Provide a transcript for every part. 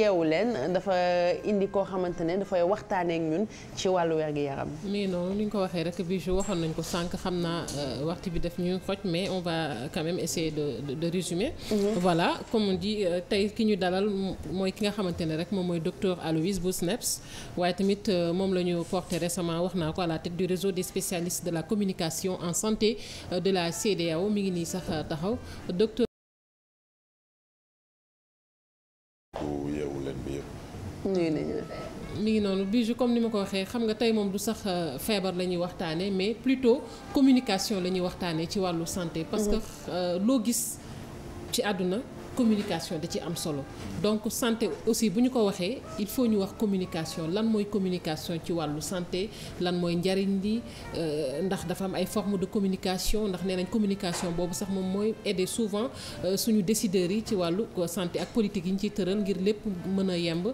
yeewu leen dafa indi koo xamante ne dafay waxtaaneek ak ñun ci wàllu wergu yaram. mais noonu ni ñu ko waxee rek bijou waxoon nañ ko sànq xam naa euh, waxtu bi daf ñuy xoj mais on va quand même essayer de de, de résumer. Mhm. voilà comme on euh, tey ki ñu dalal mooy ki nga xamante ne rek moom mooy docteur Aloyse bu SNEPS waaye tamit euh, moom la ñu porté récemment wax naa ko à la tête du réseau de la communication en santé de la CEDEAO mi ngi nii sax taxaw docteur. nuyu nañu la. mi ngi noonu Bijou comme ni ma ko waxee xam nga tey moom du sax euh, feebar la ñuy waxtaanee mais plutôt communication la ñuy waxtaanee ci wàllu santé. parce que mm-hmm. euh, loo gis ci àdduna. communication da ci am solo donc santé aussi bu ñu ko waxee il faut ñu wax communication lan mooy communication ci wàllu santé lan mooy njariñ li euh, ndax dafa am ay forme de communication ndax nee nañ communication boobu sax moom mooy aider souvent euh, suñu décideurs yi ci wàllu euh, santé ak politique yi ñu ciy tëral ngir lépp mën a yemb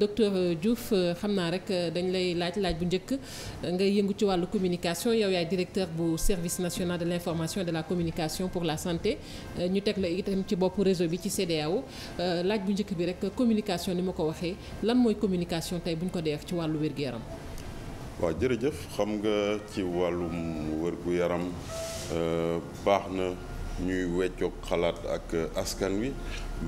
docteur Diouf xam naa rek dañ lay laaj laaj bu njëkk nga yëngu ci wàllu communication yow yaay directeur bu service national de l'information et de la communication pour ci CEDEAO euh, laaj bu njëkk bi rek communication ni ma ko waxee lan mooy communication tey bu ñu ko def ci wàllu wér-gu-yaram. waaw jërëjëf xam nga ci wàllum wér-gu-yaram euh, baax na ñuy weccoog xalaat ak askan wi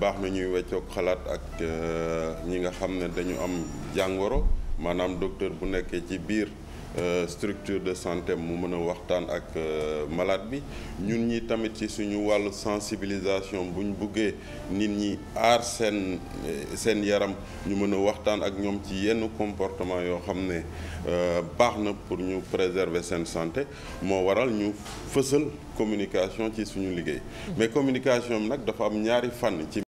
baax na ñuy weccoog xalaat ak euh, ñi nga xam ne dañu am jàngoro maanaam docteur bu nekkee ci biir. Euh, structure de santé mu mën a waxtaan ak euh, malaat bi ñun ñi tamit ci suñu wàllu sensibilisation bu ñu buggee nit ñi aar seen euh, seen yaram ñu mën a waxtaan ak ñoom ci yenn comportement yoo xam ne baax na pour ñu préserver seen santé moo waral ñu fësal communication ci suñu liggéey mais communication bi nag dafa am ñaari fànn ci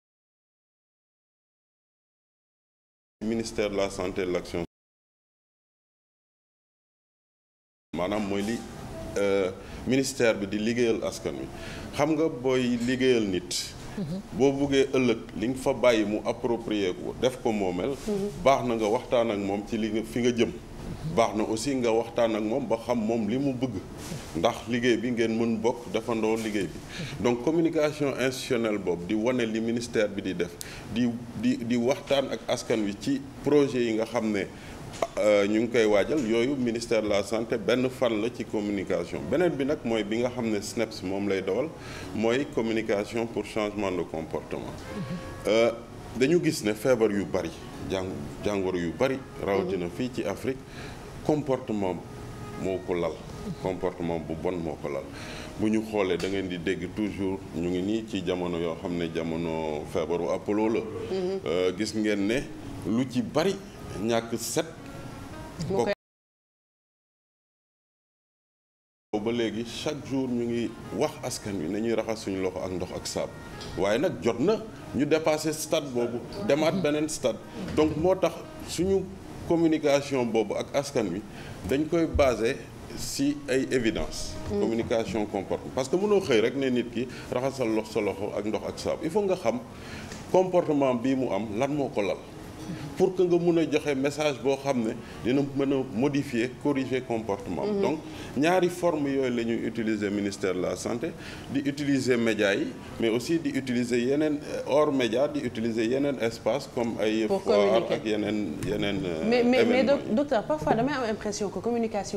ministère de la santé de l'action maanaam mooy li euh, ministère bi di liggéeyal askan wi xam nga booy liggéeyal nit. boo buggee ëllëg li nga fa bàyyi mu approprier ko def ko moomel. baax na nga waxtaan ak moom ci li nga fi nga jëm. baax na aussi nga waxtaan ak moom ba xam moom li mu bëgg ndax liggéey bi ngeen mën bokk defandoo liggéey bi donc communication institutionnelle boobu di wane li ministère bi di def di di di waxtaan ak askan wi ci projet yi nga xam ne Euh, ñu ngi koy waajal yooyu ministère de la santé benn fan la ci communication beneen bi nag mooy bi nga xam ne SNEPS e moom lay dawal mooy communication pour changement de comportement euh, dañu gis ne feebar yu bari jàng jàngoro yu bari rawatina fii ci Afrique comportement moo ko lal comportement bu bon moo ko lal bu ñu xoolee da ngeen di dégg toujours ñu ngi nii ci jamono yoo xam ne jamono feebaru Apollo la mm-hmm. euh, gis ngeen ne lu ci bari ñàkk set ba léegi chaque jour ñu ngi wax askan wi ñuy raxas suñu loxo ak ndox ak saabu waaye nag jot na ñu dépassé stade boobu demaat beneen stade donc moo tax suñu communication boobu ak askan wi dañ koy basé si ay évidence mm. communication comportement parce que mënoo xëy rek ne nit ki raxasal lox sa loxo ak ndox ak saabu il faut nga xam comportement bii mu am lan moo ko lal pour que nga mun a joxe message boo xam ne dina mën a modifier corriger comportement mhm. donc ñaari forme yooyu la ñuy utiliser ministère de la santé di utiliser média yi mais aussi di utiliser yeneen euh, hors média di utiliser yeneen espace comme ay foire ak yeneen yeneen euh, mais mais, mais docteur parfois damay am impression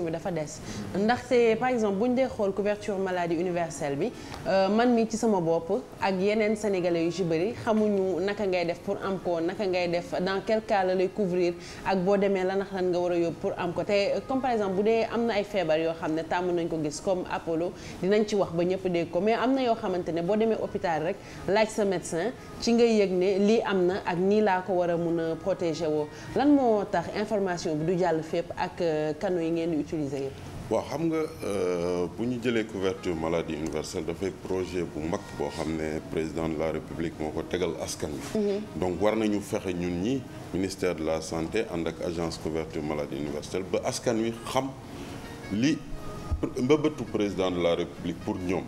bi dafa des ndaxte par exemple bu xool couverture maladie universelle bi euh, man mi ci sama bopp ak yeneen sénégalais yu ci bëri xamuñu naka ngay def pour am ko naka ngay def dans quel la lay couvrir ak boo demee lan ak lan nga war a yóbbu pour am ko te comme par exemple bu dee am na ay feebar yoo xam ne tàmm nañ ko gis comme Apollo dinañ ci wax ba ñëpp dégg ko mais am na yoo xamante ne boo demee hôpital rek laaj sa médecin ci ngay yëg ne lii am na ak nii laa ko war a mun a protéger woo lan moo tax information bi du jàll fépp ak canaux yi ngeen di utiliser yëpp waaw xam nga euh, bu ñu jëlee couverture maladie universelle dafay projet bu mag boo xam ne président de la république moo ko tegal askan bi mm-hmm. donc war nañu fexe ñun ñi ministère de la santé ànd ak agence couverture maladie universelle ba askan wi xam li mbëbëtu président de la république pour ñoom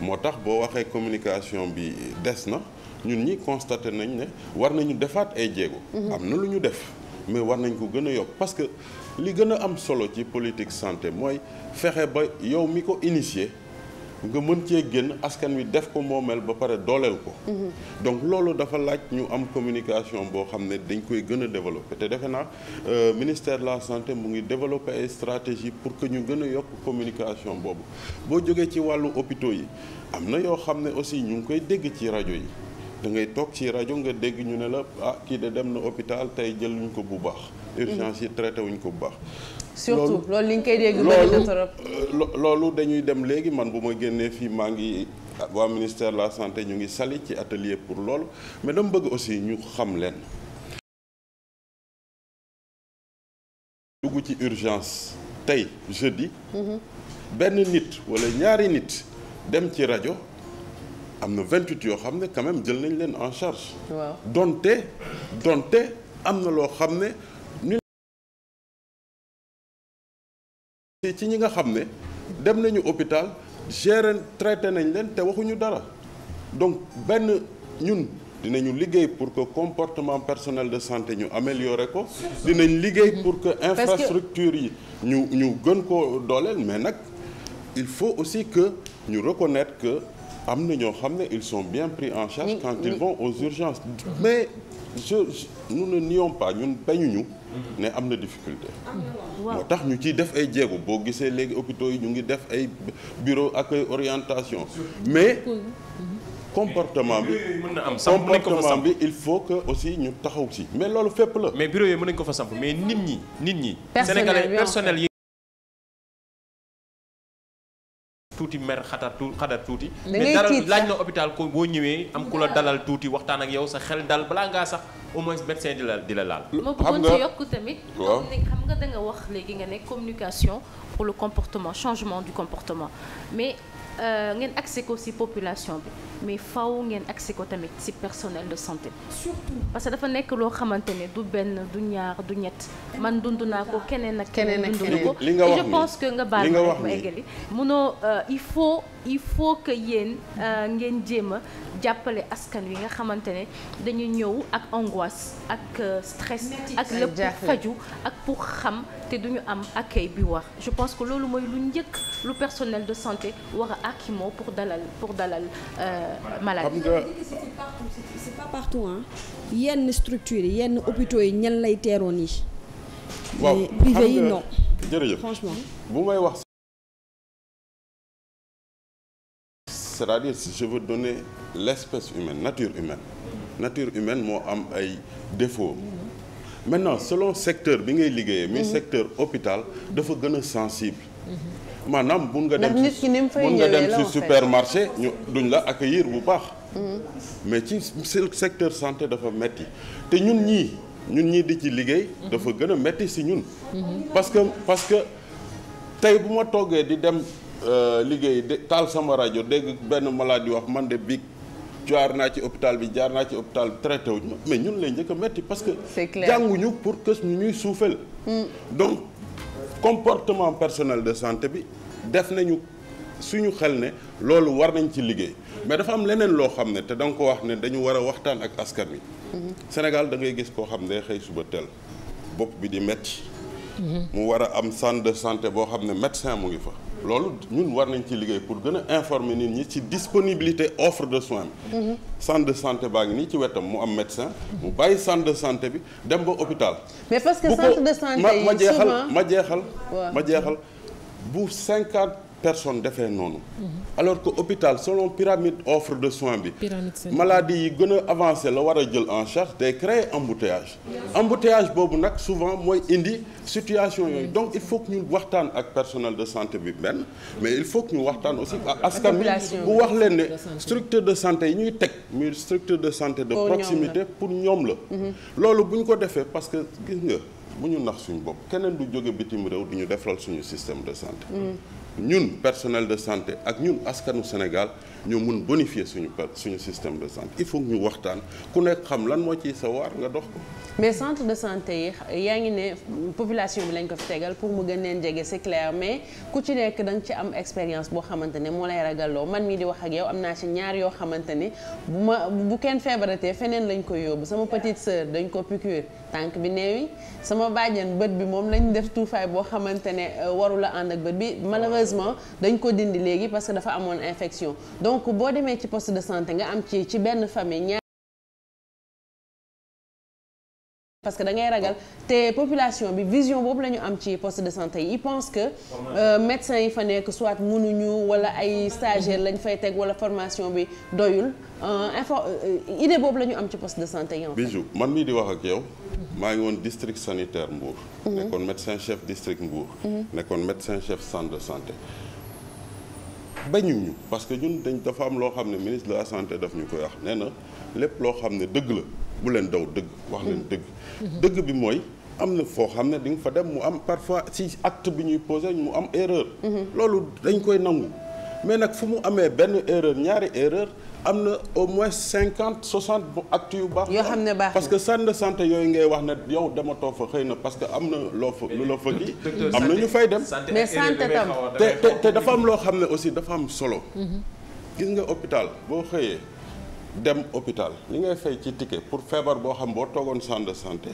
moo tax boo waxee communication bi des na ñun ñi constaté nañ ne war nañu defaat ay jéego mm-hmm. am na lu ñu def mais war nañ ko gën a yokk parce que li gën a am solo ci politique santé mooy fexe ba yow mi ko initier nga mën cee génn askan wi def ko moomeel ba pare dooleel ko. donc loolu dafa laaj ñu am communication boo xam ne dañ koy gën a développer te defe naa euh, ministère de la santé mu ngi développer ay stratégie pour que ñu gën a yokk communication boobu boo jógee ci wàllu hôpitaux yi am na yoo xam ne aussi ñu ngi koy dégg ci rajo yi. da toog ci rajo nga dégg ñu ne la ah kii de dem na hôpital tey jëluñ ko bu baax. urgence yi traité wuñ ko bu baax. surtout loolu li koy dégg euh, loolu dañuy dem léegi man bu ma génnee fii maa ngi waa ministère la santé ñu ngi sali ci atelier pour loolu mais dama bëgg aussi ñu xam leen. dugg ci urgence tey jeudi. Mhm. benn nit wala ñaari nit dem ci rajo. am na 28 yoo xam ne quand jël nañ leen en charge. waaw donte donte am na loo xam ne ñu. ci ñi nga xam ne dem nañu hôpital geren traité nañ leen te waxuñu dara donc benn ñun. dinañu liggéey pour que comportement personnel de santé ñu améliorer ko dinañ liggéey pour que infrastructure yi ñu ñu gën koo dooleel mais nag il faut aussi que ñu reconnaître que am na ñoo xam ne ils sont bien pris en charge quand ils vont aux urgences mais je nous ne nions pas ñun bañuñu ne am na difficulté moo tax ñu ciy def ay jéego boo gisee léegi hôpitaux yi ñu ngi def ay bureau ak orientation mais mhm. comportement bi mën na am samp nañ bi il faut que aussi ñu taxaw si mais loolu fépp la mais bureau yi mën nañ ko fa samp mais nit ñi nit ñi tuuti mer xatar tuuti xatar tuuti. mais dara laaj na hôpital ko boo ñëwee am ku la dalal tuuti waxtaan ak yow sa xel dal balaa ngaa sax au moins médecin di la di la laal. xam nga yokk tamit. xam nga da nga wax léegi nga ne communication pour le comportement changement du comportement mais. Euh, ngeen accès ko ci population bi mais faw ngeen accès ko tamit ci personnel de santé. surtout parce que dafa nekk loo xamante ne du benn du ñaar du ñett man dund naa ko keneen ak. keneen ak keneen dund ko li nga wax je pense que nga baal ma eggali munoo euh, il faut. il faut que yéen euh, ngeen jéem a jàppale askan wi nga xamante ne dañu ñëw ak angoisse ak euh, stress ak lépp pour faju ak pour xam te duñu am accueil bi wax je pense que loolu mooy lu njëkk lu personnel de santé wax a pour dalal pour dalal euh, malade c'est pas yenn structures yi yenn hôpitaux yi ñan lay teeroon yi waaw privé yi franchement c'est-à-dire si je veux donner l'espèce humaine nature humaine nature humaine moo am ay défauts maintenant selon secteur bi ngay liggéeyee muy mhm. secteur hôpital dafa gën a sensible mhm. maanaam bu nga dem mun nga dem ci supermarché ñu duñ la accueillir bu baax mhm. mais ci secteur santé dafa metti te ñun ñii ñun ñii di ci liggéey dafa gën a metti si ñun parce que tey bu ma toggee di dem Euh, liggéey de taal sama rajo dégg benn malade wax man de biig jaar naa ci hôpital bi jaar naa ci hôpital bi traité ma mais ñun lay njëkk a metti parce que jànguñu pour que ñu ñuy suufeel mm. donc comportement personnel de santé bi def nañu suñu xel ne loolu war nañ ci liggéey mais dafa am leneen loo xam ne te da ko wax ne dañu war a waxtaan ak askan bi mm-hmm. Sénégal da ngay gis koo xam ne xëy suba teel bopp bi di metti mm-hmm. mu war a am centre de santé boo xam ne médecin mu ngi fa loolu ñun war nañ ci liggéey pour gën a informer nit ñi ci disponibilité offre de soins bi mhm. centre de santé baa ngi nii ci wetam mu am médecin mu bàyyi centre de santé bi dem ba hôpital mais parce que centre de ma jeexal ma jeexal ma jeexal bu cinquante personne defee noonu mhm. alors que hôpital selon pyramide offre de soins bi maladie yi gën a avancé la war a jël en charge day créer embouteillage embouteillage boobu nag souvent mooy indi situation yooyu donc il faut que ñu waxtaan ak personnel de santé bi benn mais il faut que ñu waxtaan aussi ak askan wi bu wax leen ne structure de santé yi ñuy teg muy structure de santé de proximité pour ñoom la mhm. loolu bu ñu ko defee parce que gis nga bu ñu nax suñu bopp keneen du jóge bitim réew du ñu defaral suñu système de santé mhm. ñun personnel de santé ak ñun askanu Sénégal ñoo mun bonifier suñu suñu système de santé il faut ñu waxtaan ku nekk xam lan moo ciy sawar nga dox ko. mais centre de santé yi yaa ngi ne population bi lañ ko fi tegal pour mu gën leen jege c'est clair mais ku ci nekk da ci am expérience boo xamante ne moo lay ragaloo man mii di wax ak yow am naa ci ñaar yoo xamante ne bu ma bu kenn feebaratee feneen lañ ko yóbbu sama petite sœur dañ ko piqûre tànk bi néewi sama bàjjan bët bi moom lañ def tuufaay boo xamante ne euh, warula ànd ak bët bi malheureusement dañ ko dindi léegi parce que dafa amoon infection donc boo demee ci poste de santé nga am ci ci benn famille parce que da ngay ragal te population bi vision boobu la ñu am ci poste de santé yi ils que euh, médecins yi fa nekk soit mënuñu wala ay stagiaires lañ fay teg wala formation bi doyul euh, info euh, idée boobu la ñu am ci poste de santé yi. Bijou man mii di wax ak yow. maa ngi woon district sanitaire Mbour. Mhm. nekkoon médecin chef district Mbour. Mhm. nekkoon médecin chef centre de santé. bañuñu parce que ñun dañ dafa am loo xam ne ministre de la santé daf ñu koy wax nee na lépp loo xam ne dëgg la bu leen daw dëgg wax leen dëgg mhm. dëgg bi mooy am na foo xam ne di nga fa dem mu am parfois si act bi ñuy posé mu am erreur mhm. loolu dañ koy nangu mais nag fu mu amee benn erreur ñaari erreur am na au moins cinquante soixante bu actu yu baax. yoo xam ne baax parce que centre de santé yooyu ngay wax ne yow dama too fa xëy na parce que am na loo fa lu la fa gi am na ñu fay dem. mais santé tam te dafa am loo xam ne aussi dafa am solo. Mhm. gis nga hôpital boo xëyee dem hôpital li ngay fay ci ticket pour feebar boo xam boo toogoon centre de santé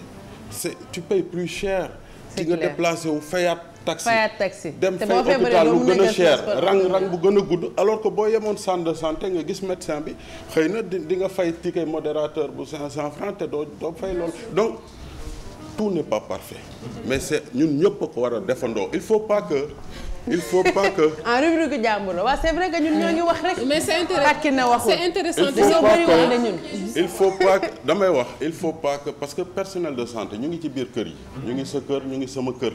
c'est tu payes plus cher. di nga déplacé wu fayaat. taxi dem fay hôpital lu gën a cher rang rang bu gën a gudd alors que boo yemoon centre de santé nga gis médecin bi xëy na di nga fay ticket modérateur bu 500 francs te doo doo fay loolu donc tout n'est pas parfait mais c'est ñun ñëpp a ko war a defandoo il faut pas que il faut en rubrique jàmbur la waaw c'est vrai ñun ñoo ngi wax rek. mais c'est intéressant c'est intéressant il faut pas damay wax il faut pas parce que personnel de santé ñu ngi ci biir kër yi. ñu ngi sa kër ñu ngi sama kër.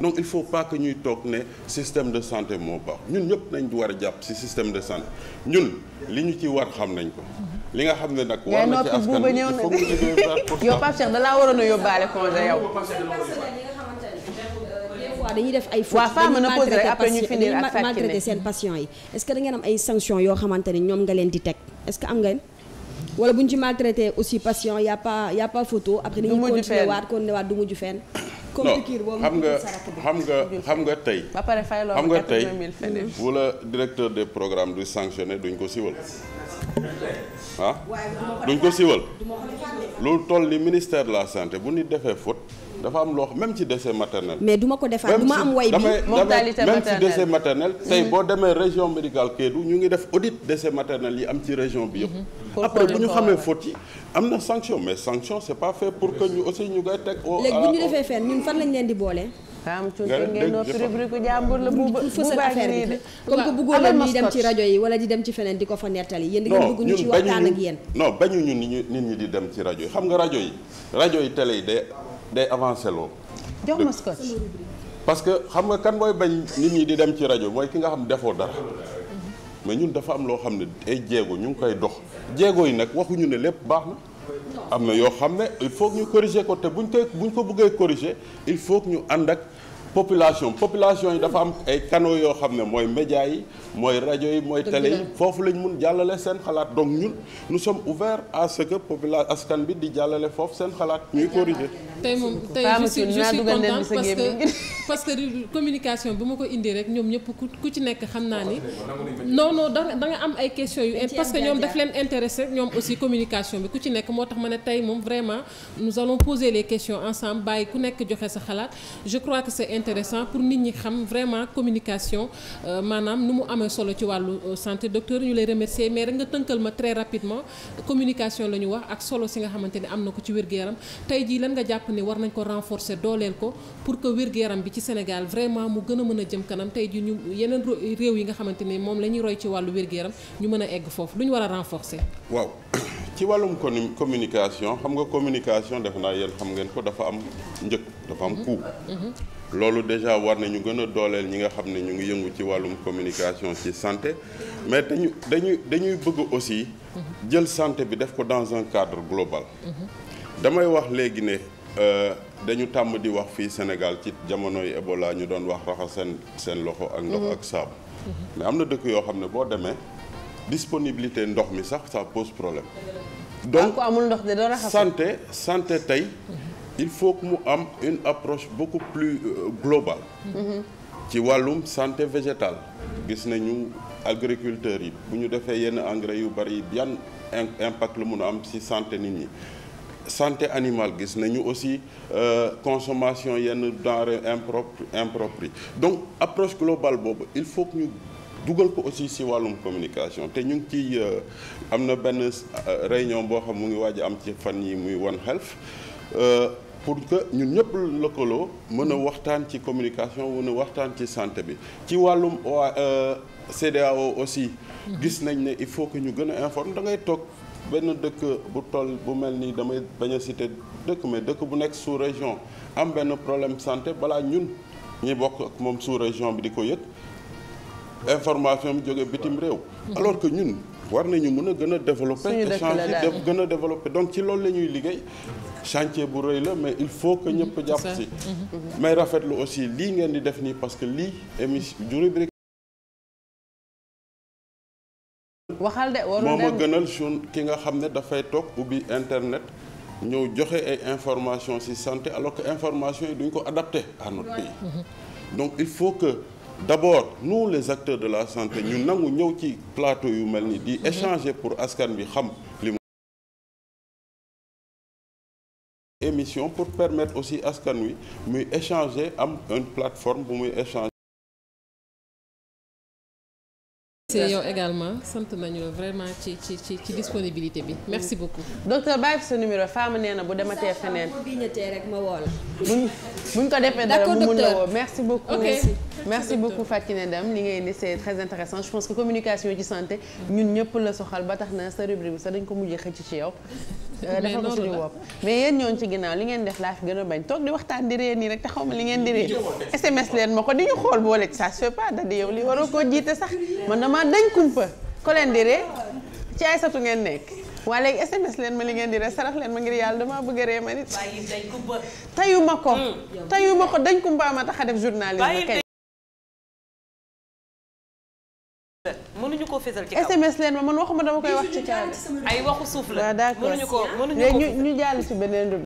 donc il faut pas que ñuy toog ne système de santé moo baax ñun ñëpp nañ war a jàpp ci système de santé ñun li ñu ci war xam nañ ko. li nga xam ne nag. war na ci askan wi il faut que ñu doon baax pour. yow Pape Cheikh da waroon a yóbbaale congé yow. dañuy def ay fautes dañuy seen patients yi est-ce am ay sanctions yoo xamante ne ñoom nga leen di teg est-ce que am ngeen wala bu ñu ci maltraité aussi patient y a pas a pas photo après dañuy continuer fenn non xam nga xam nga xam nga tey. ba pare fay loo xam nga tey bu la directeur des programmes du sanctionné duñ ko siwal ah duñ ko siwal lu toll ni ministère de la santé bu ñu defee faute. dafa am loo xam même ci décès maternel. mais du ma ko defaat du ma am way bi mortalité maternelle même ci décès maternel. tey mm-hmm. boo demee région médicale Kédougou ñu ngi def audit décès maternel yi am ci région bi yëpp. Mm-hmm. après bu ñu xamee faute yi am na sanction mais sanction c'est pas fait pour que ñu aussi ñu koy teg. léegi bu ñu defee fenn ñun fan lañ leen di boole. am tuuti ngeen noppi rubrique bi comme que bëggoo leen dem ci rajo yi wala di dem ci feneen di ko fa nettali yéen di ngeen bëgg ñu ci waxtaan ak yéen non ñu nit di dem ci rajo yi xam nga rajo yi rajo yi télé yi de day avancé loo. jox ma scotch parce que xam nga kan mooy bañ nit ñi di dem ci rajo mooy ki nga xam defoo dara. mais ñun dafa am loo xam ne ay jéego ñu ngi koy dox jéego yi nag waxuñu ne lépp baax na. am na yoo xam ne il faut ñu corriger ko te buñ koy buñ ko bëggee corriger il faut ñu ànd ak. population population yi dafa am ay canaux yoo xam ne mooy média yi mooy rajo yi mooy télé yi foofu lañ mun jàllale seen xalaat donc ñun nous sommes ouverts à ce que population askan bi di jàllale foofu seen xalaat ñuy corriger tey moom tey je suis je suis contente parce que parce que communication ñoom ñëpp ku ci nekk xam naa ni non non da nga am ay questions yu parce que ñoom daf leen intéressé ñoom aussi communication bi ku ci nekk moo tax ma ne tey moom vraiment nous allons poser les questions ensemble bàyyi ku nekk joxe sa xalaat je crois que intéressant pour nit ñi xam vraiment communication euh, maanaam nu mu amee solo ci wàllu euh, santé docteur ñu lay remercier mais rek nga tënkal ma très rapidement communication la ñu wax ak solo si nga xamante ni am na ko ci wér-gu-yaram tey jii lan nga jàpp ne war nañ ko renforcer dooleel ko pour que wér-gu-yaram bi ci Sénégal vraiment mu gën a mën a jëm kanam tey jii ñu yeneen réew yi nga xamante ne moom la ñuy roy ci wàllu wér-gu-yaram ñu mën a egg foofu lu ñu war a renforcer ci wàllum communication xam nga communication def naa yéen xam ngeen ko dafa am njëg dafa am coût. Mm-hmm. loolu déjà war nañu gën a dooleel ñi nga xam ne ñu ngi yëngu ci wàllum communication ci santé mais dañu dañuy dañuy bëgg aussi mm-hmm. jël santé bi def ko dans un cadre global. Mm-hmm. damay wax léegi ne euh, dañu tàmm di wax fii Sénégal ci jamono jamonoy Ebola ñu doon wax raxas seen seen loxo ak ndox ak saabu mais am na dëkk yoo xam ne boo demee. disponibilité ndox mi sax sa pose problème donc amul ndox dara santé santé tey il faut que mu am une approche beaucoup plus euh, globale mm-hmm. ci wàllum santé végétale gis nañu agriculteurs yi bu ñu defee yenn engrais yu bari yan impact la mun a am ci santé nit ñi santé animale gis nañu aussi euh, consommation yenn denrées impropres impropres donc approche globale boobu il faut que ñu dugal ko aussi si wàllum communication te ñu ngi ciy euh, am na benn euh, réunion boo xam mu ngi waaj am ci fan yi muy One Health euh, pour que ñun ñëpp lëkkaloo mën a waxtaan ci communication mën a waxtaan ci santé bi ci wàllum waa CEDEAO aussi gis nañ ne il faut que ñu gën a informer da ngay toog benn dëkk bu toll bu mel nii damay bañ a citer dëkk mais dëkk bu nekk sous région am benn problème santé balaa ñun ñi bokk ak moom sous région bi di ko yëg information bi jógee bitim réew. alors que ñun war ñu mën a gën a développer. échange yi gën a développer donc ci loolu la ñuy liggéey. chantier bu rëy la mais il faut que ñëpp mm-hmm. jàpp si. Mm-hmm. mais rafetlu aussi lii ngeen di def nii parce que lii émission rubrique waxal de moo ma gënal suñ ki nga xam ne dafay toog ubbi internet. ñëw joxe ay information ci santé alors que information yi duñ ko adapté à notre mm-hmm. donc il faut que. d'abord nous les acteurs de la santé ñu nangu ñëw ci plateau yu mel ni di mhm. échanger pour askan wi xam li émission pour permettre aussi askan wi muy échanger am une plateforme bu muy échanger merci yow également sant nañu la vraiment ci ci ci ci disponibilité bi merci beaucoup. docteur bàyyi fi sa numéro femme nee na bu dematee feneen. bu ñu ko defee dara mu mun la woo merci beaucoup. merci beaucoup Fatou Kiné Deme li ngay indi c'est très intéressant je communication ci santé ñun ñëpp la soxal ba tax na sa rubrique bi sax dañ ko mujjee xëcc ci yow euh, mais yéen ñooñu ci ginnaaw li ngeen def laa fi gën a bañ toog di waxtaan di ree nii rek te xaw ma li ngeen di ree sms leen ma ko di ñu xool boole ça se fait pas da di yow li waroo koo jiite sax man damaa dañ kumpa ko leen di ree ci ay satu ngeen nekk waa léegi sms leen ma li ngeen di ree sarax leen ma ngir a hmm. a fésal ci kaw SMS leen ma man waxuma dama koy wax ci caabi ay waxu suuf la ñu jàll ci beneen